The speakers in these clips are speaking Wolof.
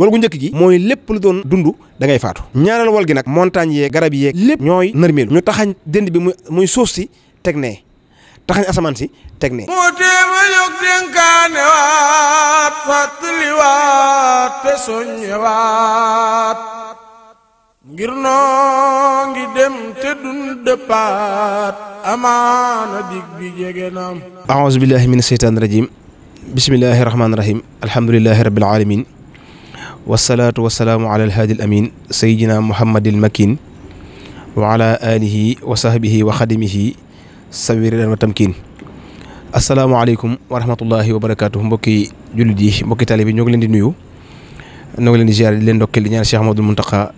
wal gu njëkk gi mooy lépp lu doon dund da ngay faatu ñaareel wal gi nag montagne yeeg garab yeeg lépp ñooy nërmeelu ñu taxañ dënd bi muy muy suuf si teg nee taxañ asamaan si teg nee moo téema yóg dénkaane waat fàttaliwaat te soññewaat ngir noo ngi dem te dund paat amaana dig bi jege naam aousubillahi min asheytaan irajim bismillahi rahmaani rahim alhamdulilahi rabbil alamin wasalaatu wasalaamu ala alhaadi al amin sayidina muhammadil makin wa ala alihi wa sahbihi wa xadimihi sawiran wa tamkin asalaamaaleykum wa rahmatullahi wa barakaatu mbokki jullit yi mbokki tali bi ñoo ngi leen di nuyu ñoo ngi leen di ziar di leen ndokkeel di ñaan Cheikh Ahmadul Muntaqa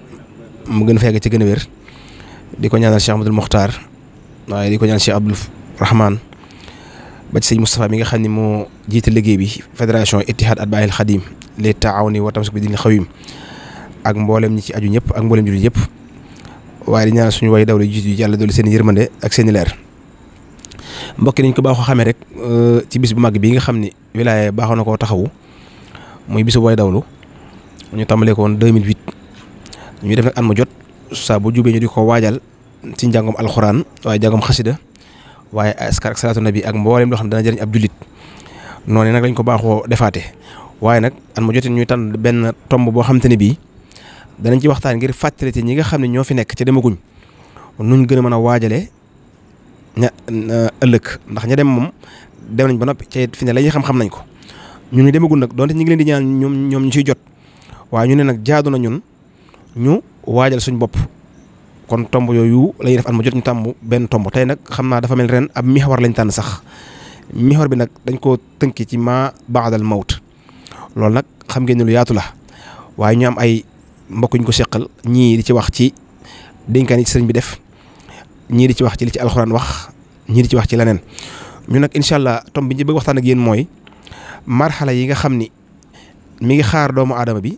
mu gën a ci gën a di ko ñaanal Cheikh Ahmadul Muxtaar waaye di ko ñaan Cheikh Abdul Rahman mi nga xam ne moo jiita liggéey bi fédération Itihad Atbaahil Xadim li taawuni wa tamsik bi dil xawim ak mboolem ñi ci aju ñëpp ak mboolem jullit yëpp waaye di ñaan suñu way daw la jiitu yi yàlla dolli seen yërmande ak seen leer mbokk yi ko baaxoo xamee rek euh, ci bis bu mag bii nga xam ni wilaya baaxoo na koo taxawu muy bisu way dawlu ñu tàmbalee ko woon ñu def nag at mu jot saa bu jubee ñu di ko waajal ci njàngum alxuraan waaye njàngum xasida waaye askar ak na bi ak mboolem loo xam ne dana jëriñ ab jullit noonu nag lañ ko baaxoo defaate waaye nag at ma jotee ñuy tànn benn tomb boo xam te ne bii danañ ci waxtaan ngir fàttali ci ñi nga xam ne ñoo fi nekk ci demaguñ nuñ gën a mën a waajalee ña ëllëg ndax ña dem moom dem nañ ba noppi ca fi ne la ñuy xam-xam nañ ko ñun ñu demaguñ nag donte ñu ngi leen di ñaan ñoom ñoom ñu ciy jot waaye ñu ne nag jaadu na ñun ñu waajal suñ bopp. kon tomb yooyu lañuy ñuy def at mu jot ñu tàmb benn tomb tey nag xam naa dafa mel ren ab mihawar lañ tànn sax mihawar bi nag dañ koo tënki ci ma baadal mawt loolu nag xam ngeen ne lu yaatu la waaye ñu am ay mbokk ko seqal ñii di ci wax ci dénkaan yi sëriñ bi def ñii di ci wax ci li ci alxuraan wax ñii ci wax ci leneen ñu nag incha allah tom bi ñu ba waxtaan ak yéen mooy marxala yi nga xam ni mi ngi xaar doomu aadama bi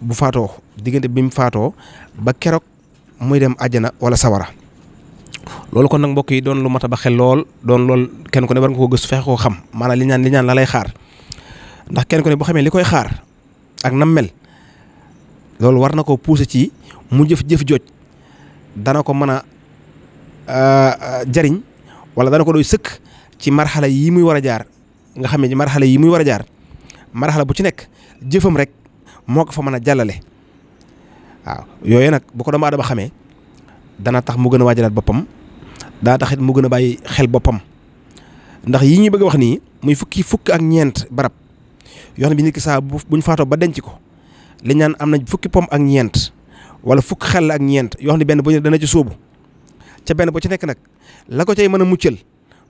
bu faatoo diggante bi mu faatoo ba keroog muy dem àjjana wala sawara loolu kon nag mbokk yi doon lu mat a xel lool doon lool kenn ku ne war nga ko gëstu fexe koo xam maanaam li ñaan li ñaan la lay xaar. ndax kenn ku boo xamee li koy xaar ak nam mel loolu war na ko pousser ci mu jëf jëf jooj dana ko mën a euh, euh, jariñ wala dana ko doy sëkk ci marxala yi muy war a jaar nga xamee ne marxala yi muy war a jaar marxala bu ci nekk jëfam rek moo ko fa mën a jàllale waaw yooyu nag bu ko doomu aadama xamee dana tax mu gën a waajalaat boppam daa tax mu gën a bàyyi xel boppam ndax yi ñuy bëgg a wax nii muy fukki fukk ak ñeent barab yoon xam ne bi nit ki saa bu buñ faatoo ba denc ko li ñaan am na fukki pom ak ñeent wala fukki xel ak ñeent yoo xam benn bu dana ci sóobu ca benn bu ci nekk nag la ko cay mën a muccal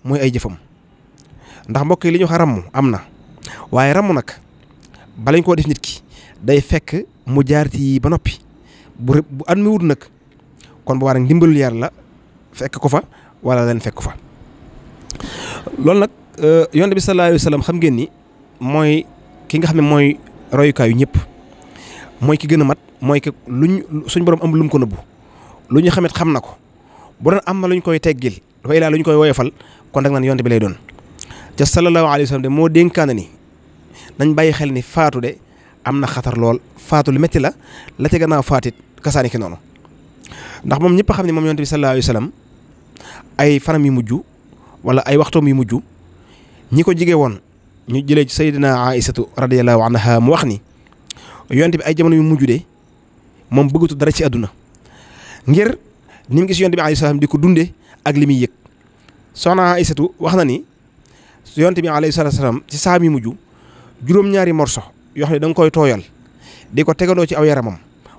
mooy ay jëfam ndax mbokk yi li ñu wax am na waaye ramm nag balañ koo def nit ki day fekk mu jaar ci ba noppi bu bu at mi wut nag kon bu war a ndimbalul yàlla fekk ko fa wala leen fekk fa loolu nag euh, yonent bi sallallahu alayhi wa xam ngeen ni mooy ki nga xam ne mooy royukaayu ñëpp mooy ki gën a mat mooy ki luñ suñ borom am lu mu ko nëbbu lu ñu xamit xam na ko bu am na lu ñu koy teggil dafay laa lu ñu koy woyofal kon nag naan yonte bi lay doon. te sallallahu alayhi wa sallam de moo dénkaana ni dañ bàyyi xel ni faatu de am na xatar lool faatu lu métti la la ca naa faatit kasaani ki noonu ndax moom ñëpp xam ne moom yonte bi sallallahu ay fanam yu mujj wala ay waxtoom yu mujj ñi ko jege woon ñu jëlee ci sayyidina aïsatu radiyallahu anha mu wax ni yonte bi ay jamono yu mujj de moom bëggatu dara ci àdduna ngir ni ngi gis yonte bi alayhi salaam di ko dundee ak li muy yëg soxna aïsatu wax na ni yonte bi alayhi salaam ci saam yu mujj juróom-ñaari morso yoo xam ne da koy tooyal di ko tegandoo ci aw yaramam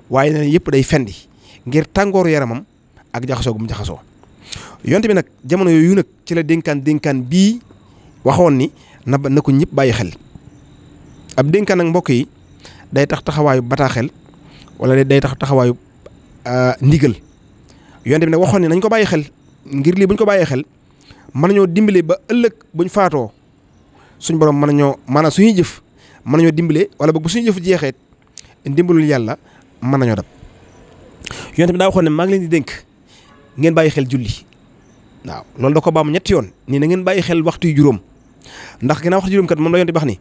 waaye na yëpp day fendi ngir tàngooru yaramam ak jaxasoo gum jaxasoo yonte bi nag jamono yooyu nag ci la dénkaan dénkaan bii waxoon ni. na ba na ko ñëpp bàyyi xel ab dénkaan nag mbokk yi day tax taxawaayu bataaxel wala day tax taxawaayu euh, ndigal yonte bi nag waxoon ne nañ ko bàyyi xel ngir lii buñ ko bàyyee xel mën nañoo dimbale ba ëllëg buñ faatoo suñ borom mën nañoo maanaam suñuy jëf mën nañoo dimbale wala boog bu suñuy jëf jeexee ndimbalul yàlla mën nañoo dab yonte bi daa waxoon ne maa ngi leen di dénk ngeen bàyyi xel julli waaw loolu da ko baamu ñetti yoon nii na ngeen bàyyi xel waxtu juróom. ndax ginnaaw wax juróom kat moom la yonent bi wax ni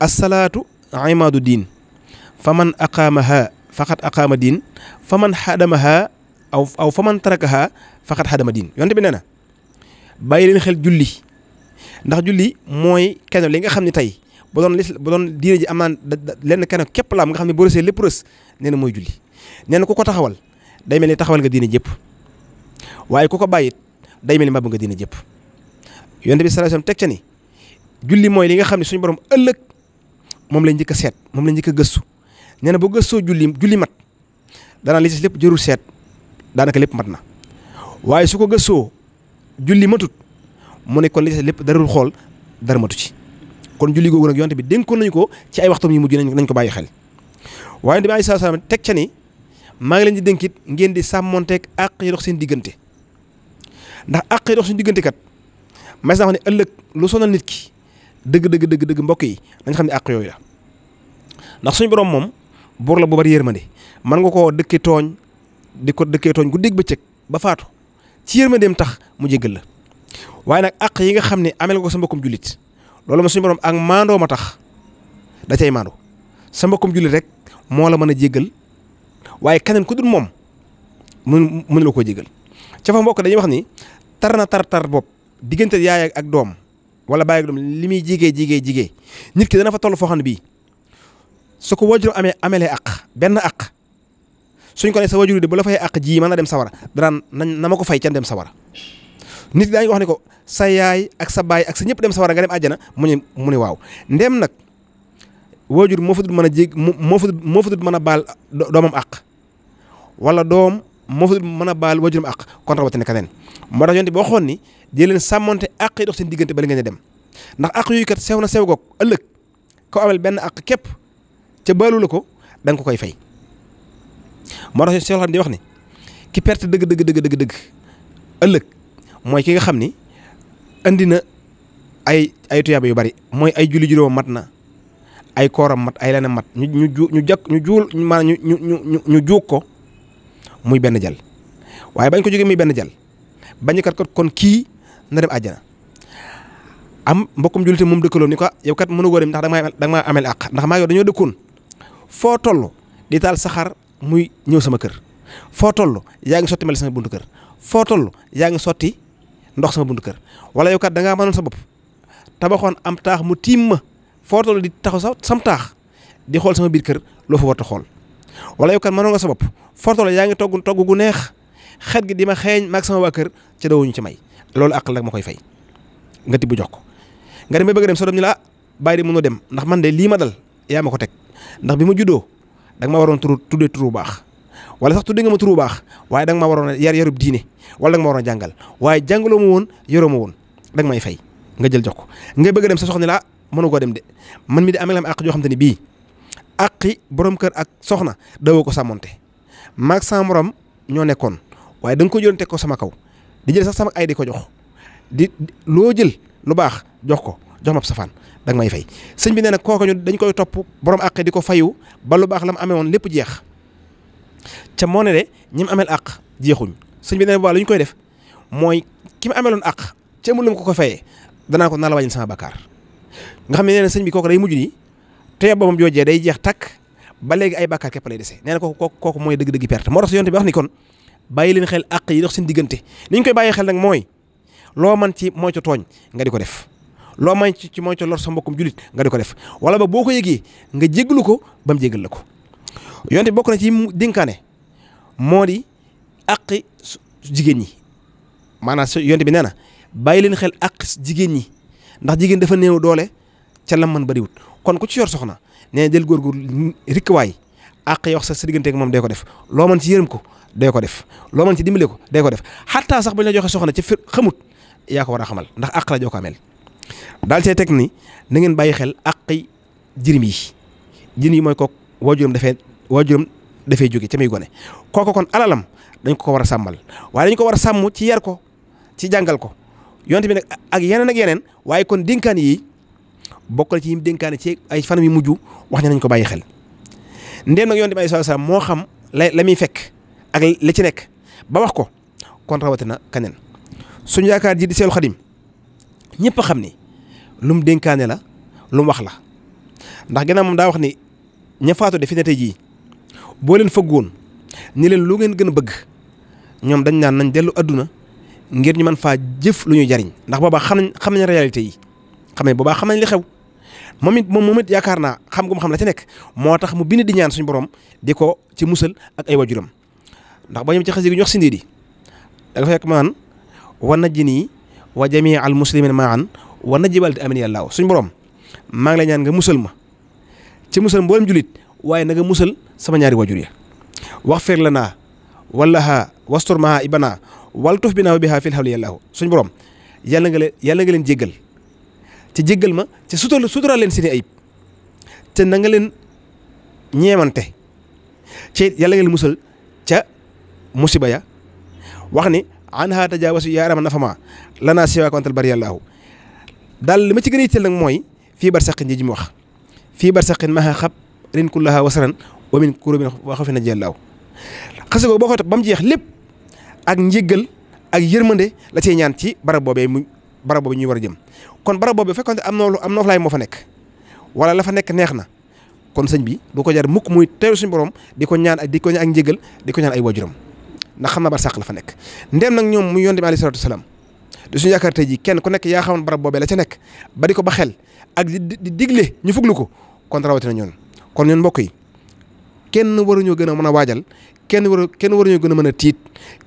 asalaatu imaadu diin fa man aqaamaha faqad aqaama diin fa man xadamaha aw aw fa man tarakaha faqad xadama diin yonent bi nee na bàyyi leen xel julli ndax julli mooy kenn li nga xam ne tey bu doon bu doon diine ji am naan lenn kenn képp la am nga xam ne boo rësee lépp rës neen mooy julli nee na ku ko taxawal day mel ni taxawal nga diine jëpp waaye ku ko bàyyit day mel ni màbb nga diine jëpp yonent bi sallallahu alayhi julli mooy li nga xam ne suñu borom ëllëg moom lañ njëkk a seet moom lañ njëkk a gëstu nee na boo gëstoo julli julli mat danaa li ci lépp jërul seet daanaka lépp mat na waaye su gëstoo julli mu ne kon lépp darul xool dara matu ci kon julli googu nag bi dénkoon nañu ko ci ay waxtam yu mujj nañ ko bàyyi xel waaye dama ay saa saa teg ca ni maa ngi lañ di dénkit ngeen di sàmmonteeg àq yi dox seen diggante ndax àq yi dox seen diggante kat may sax ne ëllëg lu sonal nit ki. dëgg dëgg dëgg dëgg mbokk yi dañ xam ne àq yooyu la ndax suñu borom moom buur la bu bari yërmande mën nga koo dëkki tooñ di ko dëkkee tooñ guddi ba bëccëg ba faatu ci yërmandeem tax mu jéggal la waaye nag àq yi nga xam ne amee nga ko sa mbokkum jullit loolu ma suñu borom ak maandoo ma tax da cay maandu sa mbokkum jullit rek moo la mën a jéggal waaye keneen ku dul moom mun mun la koo jéggal ca mbokk dañuy wax ni tar na tar tar bopp diggante yaay ak doom. wala bàyyi doom li muy jigee jigee jigee nit ki dana fa toll foo xam ne bii su ko wajur amee amelee àq benn àq suñ ko ne sa wajur de bu la fay àq ji man na dem sawara danaan na ma ko fay can dem sawara nit ki daañu ko wax ne ko sa yaay ak sa baay ak sa ñëpp dem sawara nga dem àjjana mu ne mu ne waaw ndem nag wajur moo fa dul mën a jég moo fa moo fa mën a baal doomam àq wala doom moo fa dul mën a baal wajuram àq kon rawatina keneen moo tax yonent bi waxoon ni. di leen sàmmonte àq yi dox seen diggante bala ngeen dem ndax àq yooyu kat sew na sew goog ëllëg ko amel benn àq képp ca baalu la ko da nga ko koy fay. moo tax Seex xam di wax ni ki perte dëgg dëgg dëgg dëgg dëgg ëllëg mooy ki nga xam ni andi na ay ay tuyaaba yu bari mooy ay julli juróom mat na ay kooram mat ay leneen mat ñu ñu ju ñu jàkk ñu juul maanaam ñu ñu ñu ñu juug ko muy benn jal waaye bañ ko jógee muy benn jal bañkat kat kon kii na dem àjjana am mbokkum jullit moom dëkkaloo ni ko yow kat mënu góor ndax danga maa maa amel àq ndax maa yow dañoo dëkkoon foo toll di taal saxaar muy ñëw sama kër foo tollu yaa ngi sotti mel sama buntu kër foo yaa ngi sotti ndox sama buntu kër wala yow kat dangaa mënoon sa bopp tabaxoon am taax mu tiim ma foo toll di taxaw sa sam taax di xool sama biir kër loo fa warta xool wala yow kat mënoon nga sa bopp foo toll yaa ngi togg togg gu neex xet gi di ma xeeñ maag sama waa kër ca dawuñu ci may loolu àqal nag ma koy fay nga tibb jox ko nga dem ba bëgg dem sa doom ñu la ah bàyyi di dem ndax man de lii ma dal yaa ma ko teg ndax bi ma juddoo da ma waroon turu tuddee turu baax wala sax tuddee nga ma turu baax waaye danga ma waroon yar yarub diine wala da ma waroon a jàngal waaye jàngaloo ma woon yoroo ma woon danga may fay nga jël jox ko nga bëgg dem sa soxna la ah, mënu koo dem de man mi de amee la am àq joo xam te ne bii àqi boroom kër ak soxna dawoo ko sàmmonte maag sa morom ñoo nekkoon waaye da ko jëloon teg ko sama kaw di jël sax sama ay di ko jox di loo jël lu baax jox ko jox ma safaan da nga may fay sëñ bi nee na dañ koy topp borom àq di ko fayu ba lu baax la amee woon lépp jeex ca moo ne de ñi mu ameel àq jeexuñ sëñ bi nee na bu ñu koy def mooy ki mu ameeloon àq ca mu lu mu ko fayee danaa ko naa la wàññil sama nga xam ne nee na sëñ bi kooku day mujj nii te boobam joojee day jeex takk ba léegi ay bakkaar képp lay dese nee na mooy dëgg-dëgg perte moo tax yonent bi wax ni kon. bàyyi leen xel àq yi dox seen diggante ni ñu koy bàyyi xel nag mooy loo man ci mooy ca tooñ nga di ko def loo man ci mooy ca lor sa mbokkum julit nga di ko def wala ba boo ko yëgee nga jéglu ko ba mu la ko yonte bokk na ci dénkaane moo di àq jigéen ñi maanaam yonte bi nee na bàyyi leen xel àq jigéen ñi ndax jigéen dafa néew doole ca lam man bariwut kon ku ci yor soxna nee na jël góorgóorlu rikk waay àq yi wax sa sa digganteeg moom dee ko def loo man ci yërëm ko day ko def loo mën ci dimbale ko day ko def xataa sax bu ñu la joxe soxna ci xamut yaa ko war a xamal ndax àq la joo ko ameel daal see teg ni na ngeen xel àqi jirim yi jin yi mooy ko waajuram dafee waajuram dafee jóge ca muy gone kooku kon alalam dañ ko ko war a sàmmal waaye dañ ko war a sàmm ci yar ko ci jàngal ko yonte bi nag ak yeneen ak yeneen waaye kon dénkaan yi bokk na ci yim dénkaane ci ay fanam yu mujj wax ne nañ ko bàyyi xel ndeen nag yonte bi ay salaam moo xam la la muy fekk ak li ci nekk ba wax ko kon na kaneen suñu yaakaar ji di Seexul Xadim ñëpp xam ni lu mu dénkaane la lu mu wax la ndax ginnaaw moom daa wax ni ña faatu de fi ne tey jii boo leen fëggoon ni leen lu ngeen gën a bëgg ñoom dañ naan nañ dellu adduna ngir ñu mën faa jëf lu ñuy jariñ ndax boobaa xam nañ xam nañ réalité yi xam ne boobaa xam nañ li xew moom it moom moom it yaakaar naa xam gu mu xam la ci nekk moo tax mu bind di ñaan suñu borom di ko ci musal ak ay wajuram ndax ba ñoom ci xasida gi ñu wax sindii di da nga fekk maan wa najjinii wa jamii al muslimin maan wa najji balti amin yàllaaw suñ borom maa ngi lay ñaan nga musal ma ci musal mboolem julit waaye na musal sama ñaari wajur ya wax fir la naa walaha wastur maha ibana wal tuf bi naa biha fil hawli yàllaaw suñ borom yàlla nga leen yàlla nga leen jéggal ci ma ci sutura sutura leen seeni ayib te nanga leen ñeemante ci yàlla nga leen musal ca musiba ya wax ni an ha tajaawasu yaa arama nafamaa lanaa siwaa kontal bari yàllaahu daal li ma ci gën a yitteel nag mooy fii bar saqin ji ji mu wax fii bar saqin maha xab rin kullaha wasaran wa min kurubin wa xawfi na jallaaw xase ko boo ko ba mu jeex lépp ak njéggal ak yërmande la cee ñaan ci barab boobee mu barab ñuy war a jëm kon barab boobu fekkoon am na am na laay moo fa nekk wala la fa nekk neex na kon sañ bi bu ko jar mukk muy teeru suñu borom di ko ñaan ak di ko ñaan ak di ko ñaan ay waajuram ndax xam na barsàq la fa nekk ndem nag ñoom mu yonent bi alayhi salaatu wasalaam du suñu yaakaar tey ji kenn ku nekk yaa xamoon barab boobee la ca nekk ba di ko ba xel ak di digle ñu fuglu ko kon rawatina ñoon kon ñun mbokk yi kenn waruñoo gën a mën a waajal kenn waru kenn waruñoo gën a mën a tiit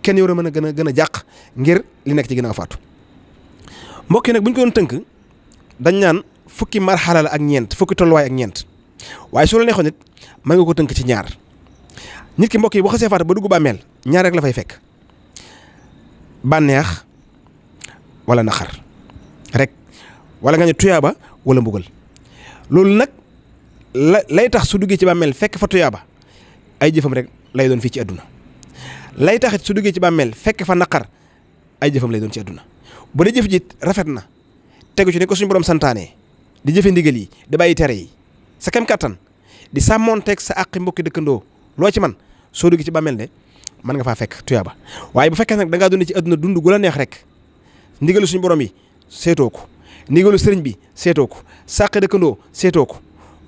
kenn waru mën a gën a gën a jàq ngir li nekk ci gën a mbokk mbokki nag bu ñu ko doon tënk dañ naan fukki marxala la ak ñeent fukki tolluwaay ak ñeent waaye su la neexoon nit ma ko tënk ci ñaar nit ki mbokk yi boo xasee faatu ba dugg bàmmeel ñaar rek la fay fekk bànneex walla naqar rek walla nga ne tuyaaba wala mbugal loolu nag la lay tax su duggee ci bàmmeel fekk fa tuyaaba ay jëfam rek lay doon fii ci àdduna lay taxit su duggee ci bàmmeel fekk fa naqar ay jëfam lay doon ci àdduna bu dee jëf ji rafet na tegu ci ni ko suñu borom santaane di jëfe ndigal yi di bàyyi tere yi sa kem kattan di sàmmoonteeg sa aq mbokki dëkkandoo. loo ci man soo dugg ci bàmmeel de mën nga faa fekk tuyaaba waaye bu fekkee nag da ngaa ci adduna dund gu la neex rek ndigalu suñ borom yi seetoo ko ndigalu sëriñ bi seetoo ko sàq dëkkandoo seetoo ko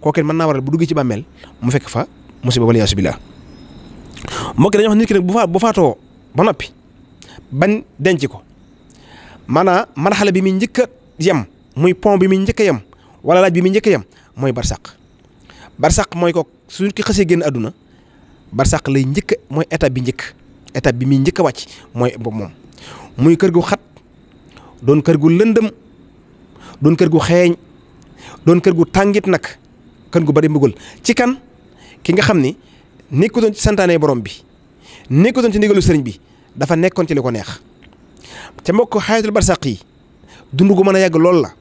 kooku mën naa waral bu dugg ci bammeel mu fekk fa musiba wala yaasu billah mbokk dañuy wax nit ki nag bu fa bu faatoo ba noppi ban denc ko maanaam marxala bi muy njëkk a yem muy pont bi muy njëkk a yem wala laaj bi muy njëkk a yem mooy barsàq barsàq mooy ko suñu ki xasee génn àdduna barsàq lay njëkk mooy étape bi njëkk étape bi muy njëkk a wàcc mooy boobu moom muy kër gu xat doon kër gu lëndëm doon kër gu xeeñ doon kër gu tàngit nag kër gu bari mbugal ci kan ki nga xam ni nekkutoon ci santaane borom bi nekkutoon ci ndigalu sëriñ bi dafa nekkoon ci li ko neex te mbokk xayatul barsàq yi dund gu mën a yàgg loolu la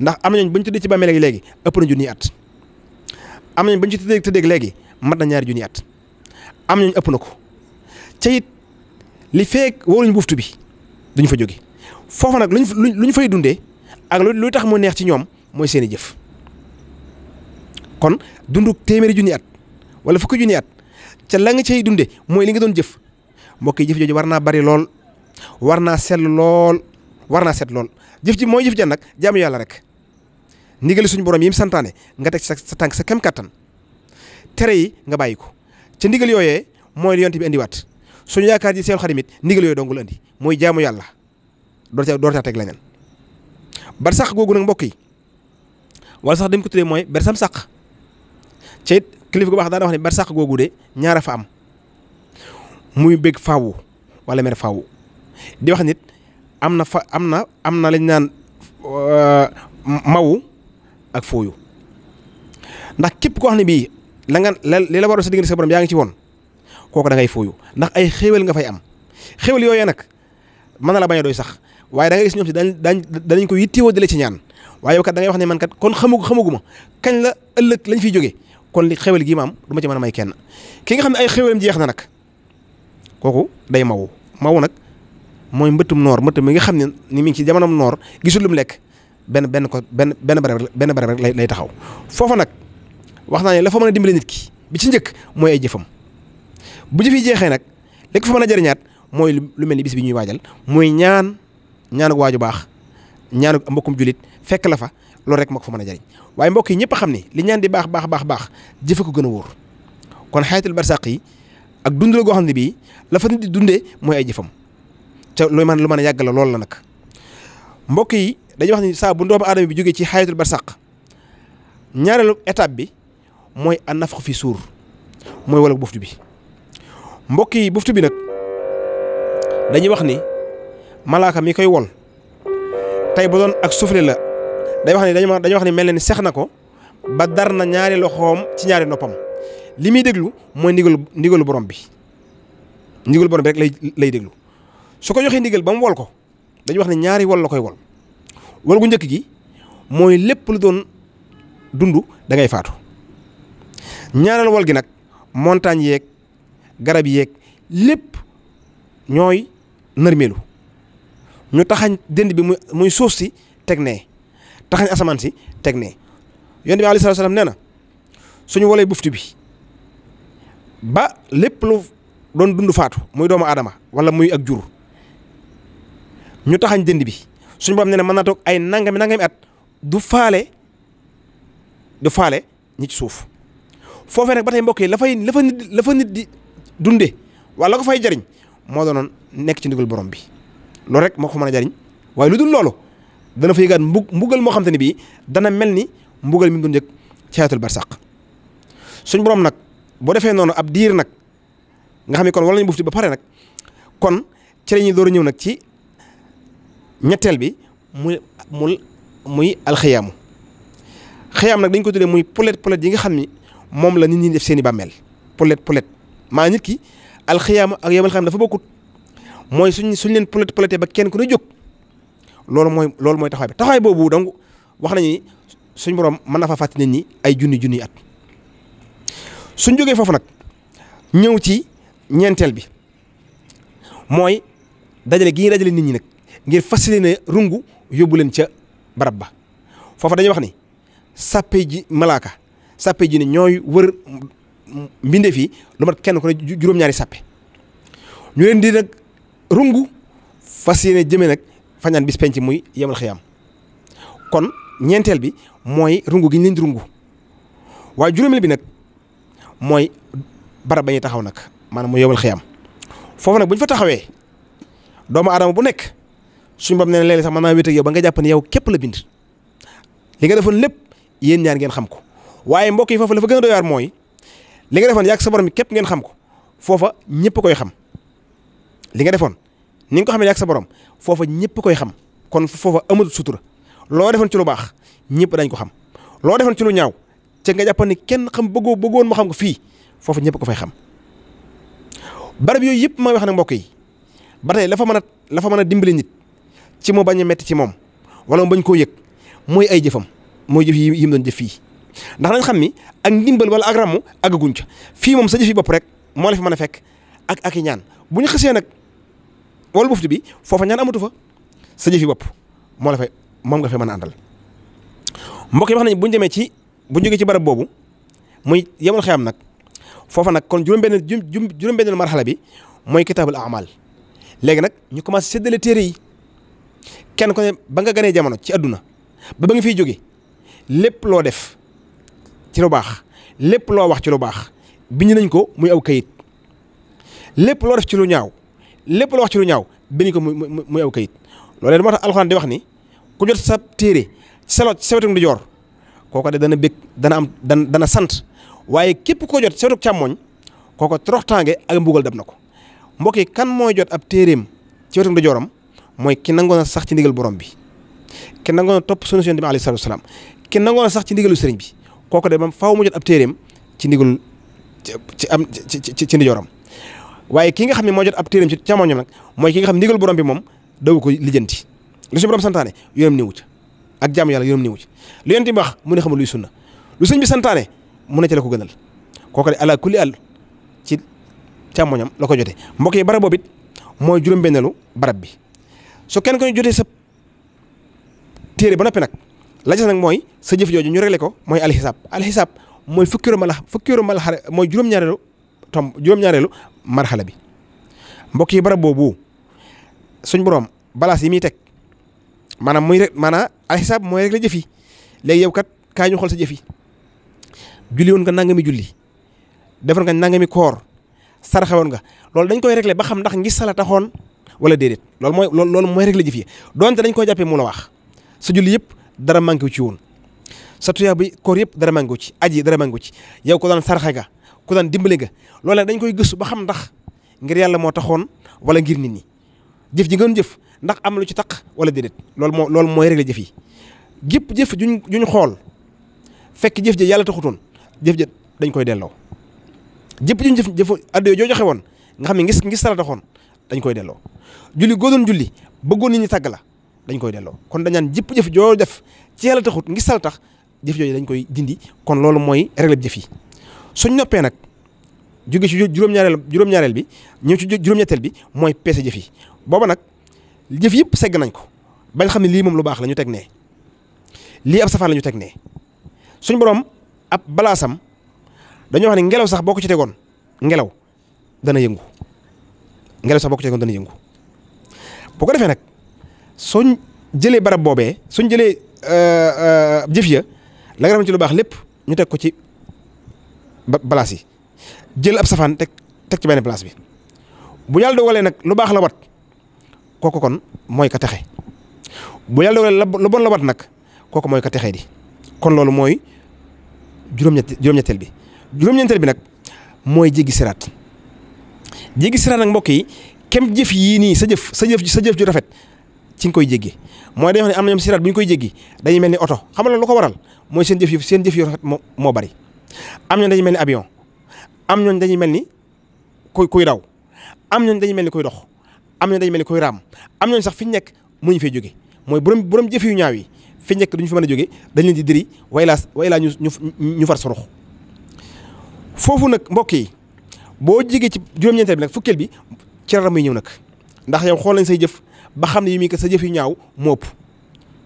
ndax am nañ bu ñu tëddee ci bàmmeel léegi ëpp na am nañ bu ñu ci tëddee léegi mat na ñaari junniy at. am nañ ëpp na ko ca it li feek wóoluñ buftu bi duñ fa jóge foofu nag luñ luñ fay dundee ak luy tax mu neex ci ñoom mooy seen i jëf kon dundu téeméeri junni at wala fukki junni at ca la nga cay dunde mooy li nga doon jëf mbokk yi jëf jooju war naa bari lool war naa sell lool war naa set lool jëf ji mooy jëf jan nag jaamu yàlla rek ndigali suñu borom yi mu santaane nga teg sa tànk sa kem kattan tere yi nga bàyyi ko ca ndigal yooyee mooy li yonent bi indiwaat suñu yaakaar ji seen xarit it ndigal yooyu dong la indi mooy jaamu yàlla door ca door ca teg leneen bar sax googu nag mbokk yi wala sax dañ ko tuddee mooy ber sax sàq kilifa wax ne bar sàq googu de ñaara fa am muy bég faawu walla mer faawu di wax nit am na fa am na am na lañ naan euh, mawu ak fooyu ndax képp koo xam ne bii la nga li la waroon sa diggante sa borom yaa ngi ci woon kooku da ngay fuuyu ndax ay xéwal nga fay am xéwal yooyee nag mën na la bañ a doy sax waaye da ngay gis ñoom si dañ dañ danañ ko yittewoo ci ñaan waaye yow kat da wax ne man kat kon xamagu xamaguma kañ la ëllëg lañ fiy jógee kon li xéwal gii ma am du ma ci mën a may kenn ki nga xam ne ay xéwalam jeex na nag kooku day mawu maw nag mooy mbëttum noor mbëtt mi nga xam ne ni mu ngi ci jamonoom noor gisul lu mu lekk benn benn ko benn benn benn barab rek lay taxaw foofa nag wax naa ne la a dimbale nit ki bi ci njëkk mooy ay jëfam bu jëf yi jeexee nag li ko fa mën a jëriñaat mooy lu mel ni bis bi ñuy waajal mooy ñaan ñaanu waaju baax ñaanu mbokkum julit fekk la fa loolu rek moo ko mën a jëriñ waaye mbokk yi ñëpp a xam ne li ñaan di baax baax baax baax jëfe gën a wóor kon xayatul barsàq yi ak dund la xam ne bii la di dundee mooy jëfam ca lu man lu mën a yàgg la loolu la nag mbokk yi dañuy wax ni saa bu doomu aadama bi jógee ci xayatul barsàq ñaareelu étape bi mooy a nafx fi suur mooy wala buftu bi mbokk yi buftu bi nag dañuy wax ni malaaka mi koy wol tey ba doon ak soufflé la day wax ni dañu dañuy wax ni mel na ni seex na ko ba dar na ñaari loxoom ci ñaari noppam li muy déglu mooy ndigalu ndigalu borom bi ndigalu borom bi rek lay déglu su ko joxee ndigal ba wol ko dañuy wax ni ñaari wol la koy wol wol gu njëkk gi mooy lépp lu doon dund dangay ngay faatu. ñaareel wal gi nag montagne yeeg garab yeeg lépp ñooy nërmeelu ñu taxañ dënd bi muy suuf si teg nee taxañ asamaan si teg nee yonent bi alayhi salaam nee na suñu wolee bufti bi ba lépp lu doon dundu faatu muy doomu aadama wala muy ak jur ñu taxañ dënd bi suñ borom nee na mën naa toog ay nangami nangami at du faale du faale ñi ci suuf foofee nag ba tey mbokk yi la fay la fa nit la fa nit di dunde wala ko fay jariñ moo doonoon nekk ci ndigal borom bi loolu rek moo ko mën a jariñ waaye lu dul loolu dana fa yëgaat mbug mbugal moo xam te ne bii dana mel ni mbugal mi mu doon yëg ci xayatul barsàq borom nag boo defee noonu ab diir nag nga xam ne kon wala ñu bufti ba pare nag kon ci la door a ñëw nag ci ñetteel bi muy mu muy alxiyaamu xayaam nag dañ ko tuddee muy polet polet yi nga xam ni moom la nit ñi def seen i bàmmeel polet polet maa nit ki alxiyaama ak yomal xam dafa bokkut mooy suñ suñ leen polet poletee ba kenn ku ne jóg loolu mooy loolu mooy taxawaay bi boobu donc wax nañu suñ borom mën na fa fàtte nit ñi ay junni junni at suñ jógee foofu nag ñëw ci ñeenteel bi mooy dajale gi ñuy dajale nit ñi nag ngir fas yéene rungu yóbbu leen ca barab ba foofu dañuy wax ni sàppe ji malaaka sàppe ji ne ñooy wër mbindeef lu mat kenn ku ne juróom-ñaari sàppe ñu leen di nag rungu fas yéene jëme nag fañaan bis penc muy yemal xiyam kon ñeenteel bi mooy rungu gi ñu leen rungu waaye juróomeel bi nag mooy barab ñu taxaw nag maanaam mu yemal xiyam foofu nag bu ñu fa taxawee doomu aadama bu nekk suñu bopp nee na léeg-léeg sax mën naa wéet ak ba nga jàpp ne yow képp la bind li nga defoon lépp yéen ñaar ngeen xam ko. waaye mbokk yi foofu la fa a doy mooy li nga defoon yàgg sa borom képp ngeen xam ko foofa ñëpp koy xam li nga defoon ni nga ko xamee yàgg sa borom foofa ñëpp koy xam kon foofa amul sutura loo defoon ci lu baax ñëpp dañ ko xam loo defoon ci lu ñaaw ca nga jàppoon ni kenn xam bëggoo bëggoon mu xam ko fii foofa ñëpp ko fay xam barab yooyu yëpp ma wax nag mbokk yi ba tey la fa mën a la mën a dimbali nit ci mu bañ a metti ci moom wala mu bañ koo yëg mooy ay jëfam mooy jëf yi yim mu doon jëf fii. ndax dañ xam ni ak ndimbal wala ak ramu àggaguñ fii moom sa jëfi bopp rek moo la fi mën a fekk ak ak i ñaan bu ñu xasee nag wala buftu bi foofa ñaan amatu fa sa jëfi bopp moo la fay moom nga fay mën a àndal. mbokk yi wax nañ bu demee ci bu jógee ci barab boobu muy yemul nag foofa nag kon juróom-benn juróom-benn marxala bi mooy kitaabul amal léegi nag ñu commencé séddale téere yi kenn ko ba nga ganee jamono ci àdduna ba ba nga fiy jóge lépp loo def ci lu baax lépp loo wax ci lu baax bind nañ ko muy aw kayit lépp loo def ci lu ñaaw lépp loo wax ci lu ñaaw bind ko muy muy aw kayit loolee dama tax alxuraan di wax ni ku jot sa téere salot sa wetu ndijoor kooko de dana bég dana am dana dana sant waaye képp koo jot sa wetu càmmoñ trox toroxtaange ak mbugal dab na ko mbokk kan mooy jot ab téereem ci wetu ndijooram mooy ki nangoon a sax ci ndigal borom bi ki nangoon a topp sunu wa salaam ki nangoon sax ci ndigalu sëriñ bi. kooko de moom faaw mu jot ab téeréem ci ndigul ci am ci ci ci ndijoram waaye ki nga xam ne moo jot ab téeréem ci càmmoñam nag mooy ki nga xam ndigal borom bi moom daw ko lijjanti lu suñu borom santaane yoonam niwu ci ak jàmm yàlla yoonam niwu ci lu yonent mbax wax mu ne xamul luy sunna lu sëñ bi santaane mun ne ci la ko gënal kooku de ala kulli àll ci càmmoñam loo ko jotee mbokk yi barab boobu mooy juróom-benneelu barab bi su kenn ko ñu jotee sa téere ba noppi nag la ca mooy sa jëf jooju ñu réglé ko mooy alxisaab alxisaab mooy fukki ru mala fukki mala xare mooy juróom-ñaareelu tom juróom-ñaareelu bi mbokk yi barab boobu suñ borom balaas yi muy teg maanaam muy rek maanaam alxisaab mooy réglé jëf yi léegi yow kat kaay ñu xool sa jëf yi julli woon nga nangami julli defoon nga nangami koor saraxewoon nga loolu dañ koy réglé ba xam ndax ngi sala taxoon wala déedéet loolu mooy loolu mooy réglé jëf yi donte dañ koy jàppee mu la wax sa julli yëpp dara manqué wu ci woon sa tuyaa bi koor yëpp dara manqué wu ci aji dara manqué wu ci yow ko daan sarxe nga ku daan dimbali nga loolee dañ koy gëstu ba xam ndax ngir yàlla moo taxoon wala ngir nit ñi jëf ji ngeen jëf ndax am lu ci taq wala déedéet loolu moo loolu mooy réglé jëf yi gépp jëf juñ juñ xool fekk jëf ji yàlla taxutoon jëf ji dañ koy delloo jëpp juñ jëf jëf addo joo joxe woon nga xam ne ngis ngis sala taxoon dañ koy delloo julli goo doon julli bëggoon nit ñi tàgg la dañ koy delloo kon dañaan naan jëpp jëf joo def ci yàlla taxut ngi sal tax jëf jooju dañ koy dindi kon loolu mooy réglé jëf yi suñ noppee nag jóge ci juróom-ñaareel bi ñu ci juróom-ñetteel bi mooy peese jëf yi booba nag jëf yëpp segg nañ ko bañ xam ne lii moom lu baax la ñu teg nee lii ab safaan la ñu teg nee suñ borom ab balaasam dañoo wax ne ngelaw sax boo ko cetee tegoon ngelaw dana yëngu ngelaw sax boo ko ci tegoon dana yëngu bu ko defee nag. suñ jëlee barab boobee suñ jëlee euh, euh, jëf ya la ci lu baax lépp ñu teg ko ci balaas yi jël ab safaan teg teg ci benn place bi bu yàlla dogalee nag lu baax la wat kooku kon mooy ka texe bu yàlla dogalee lu bon la wat nag kooku mooy ka texe di kon loolu mooy juróom-ñett juróom-ñetteel bi juróom-ñetteel bi nag mooy jéggi siraat jéggi siraat nag mbokk yi kem jëf yii nii sa jëf sa jëf sa jëf ju rafet ci nga koy jéggi mooy dañoo xam ne am na ñoom siraat bu ñu koy jéggi dañuy mel ni oto xam nga lu ko waral mooy seen jëf yu seen jëf yu rafet moo moo bari am ñooñu dañuy mel ni avion am ñooñu dañuy mel ni kuy kuy daw am ñooñu dañuy mel ni kuy dox am ñooñu mel ni kuy raam am ñooñu sax fi ñu nekk mënuñu fee jóge mooy borom borom jëf yu ñaaw yi fi nekk duñu fi mën a jóge dañ leen diri way laa way laa ñu ñu far sorux foofu nag mbokk yi boo jigee ci juróom-ñeenteel bi nag bi ci raram muy ñëw nag ndax yow xool nañ say jëf ba xam ne yi mi ko sa jëf ñaaw moop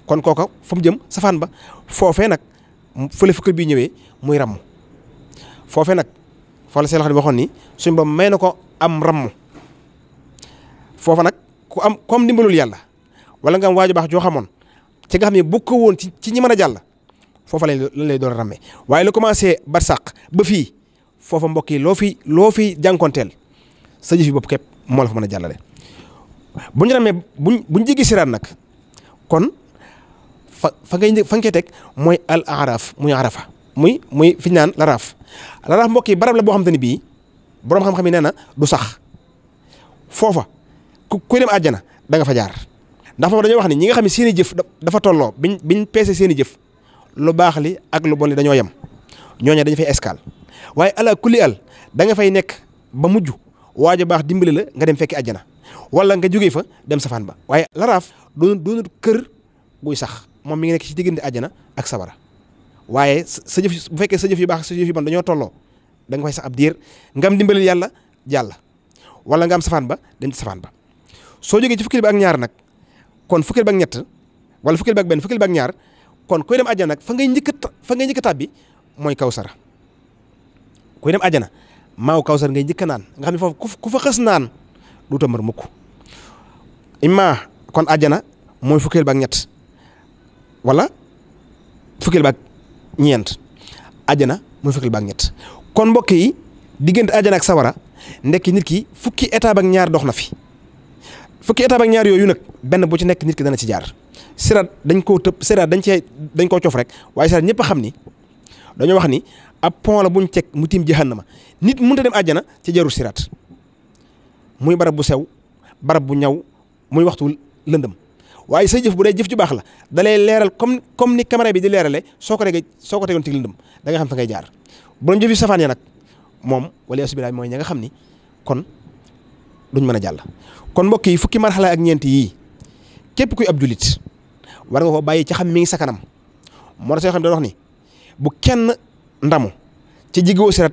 kon kooka fa mu jëm safaan ba foofee nag fële fukki bii ñëwee muy ramm foofee nag foola see la xam ne waxoon ni suñ ba may na ko am ramm foofa nag ku am comme ndimbalul yàlla wala nga am waaju baax joo xamoon ci nga xam ne bu ko woon ci ci ñi mën a jàll foofa lañ lay doon ramme waaye lu commencé barsàq ba fii foofa mbokk yi loo fi loo fi jànkonteel sa jëf yi bopp képp moo la fa mën a jàllale bu ñu ramee bu buñ jéggi siraat nag kon fa fa ngay fa nga koy teg mooy al araf muy arafa muy muy fi ñu naan laraaf laraaf mbokk yi barab la boo xamante ni bii boroom xam-xam yi nee na du sax foofa ku kuy dem àjjana danga fa jaar ndax foofa dañoo wax ni ñi nga xam ne seen i jëf dafa tolloo biñ biñ peese seeni jëf lu baax li ak lu bon li dañoo yem ñooñu dañ fay escale waaye ala kulli al da nga fay nekk ba mujj. waaj a baax dimbali la nga dem fekki àjjana wala nga jógee fa dem safaan ba waaye laraaf doonut doonut kër guy sax moom mi ngi nekk ci diggante àjjana ak sabara waaye sa jëf bu fekkee sa jëf yu baax sa jëf yu dañoo tolloo da nga fay sax ab diir nga am dimbalil yàlla wala nga am safaan ba dem ci ba soo jógee ci fukkil ak ñaar nag kon fukkil bi ak ñett wala fu bi ak benn fukkil bi ak ñaar kon kuy dem àjjana nag fa nga njëkk fa ngay njëkk a mooy kaw sara kuy dem àjjana maaw kawsar ngay njëkk naan nga xam ne foofu ku fa xës naan duuta mar mukk imma kon àjjana mooy fukkeel ba ñett wala fukkeel ba ak ñeent àjjana fukki fukkeel ba ak ñett kon mbokk yi diggante àjjana ak sawara ndekki nit ki fukki étape ak ñaar dox na fi fukki étape ak ñaar yooyu nag benn bu ci nekk nit ki dana ci jaar siraat dañ koo tëb siraat dañ cee dañ koo cof rek waaye siraat ñëpp xam ni dañoo wax ni ab pont la buñ teg mu tiim jahannama nit mun a dem àjjana ci jarul siraat muy barab bu sew barab bu ñaw muy waxtu lëndëm waaye say jëf bu dee jëf ju baax la da lay leeral comme comme ni caméra bi di leerale soo ko regee soo ko tegoon ci lëndëm da xam fa ngay jaar borom jëf yu safaan ya nag moom wala yasubilaay mooy ña nga xam ni kon duñ mën a jàll. kon mbokk yi fukki marxala ak ñeent yii képp kuy ab julit war nga ko bàyyi ci xam mi ngi sa kanam moo tax soo xam ne bu kenn ndamu ci jigéen siraat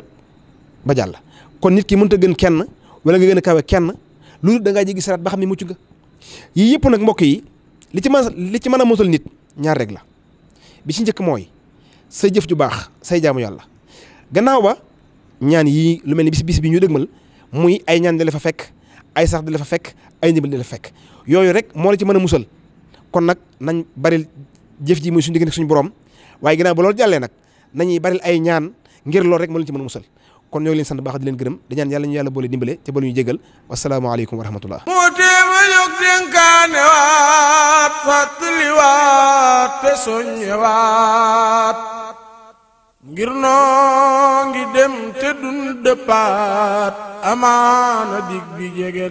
ba jàll kon nit ki mënut a gën kenn wala nga gën a kawe kenn lu da ngaa jéggi saraat ba xam ne mucc nga yii yëpp nag mbokk yi li ci mën li ci mën a musal nit ñaar rek la bi ci njëkk mooy sa jëf ju baax say jaamu yàlla gannaaw ba ñaan yii lu mel ni bis bis bi ñu dëgmal muy ay ñaan di fa fekk ay sax di fa fekk ay ndimbal di la fekk yooyu rek moo la ci mën a musal kon nag nañ baril jëf ji muy suñu diggante suñu borom waaye gannaaw ba loolu jàllee nag nañuy baril ay ñaan ngir loolu rek moo ci mën a musal kon ñoo ngi leen sant baax di leen gërëm di yàlla ñu yàlla boole dimbale te boole ñu jégal wasalaamaaleykum wa rahmatullah moo téema yog dénkaane waat fàttali waat te soññe ngir noo ngi dem te dun dëppaat amaana dig bi jege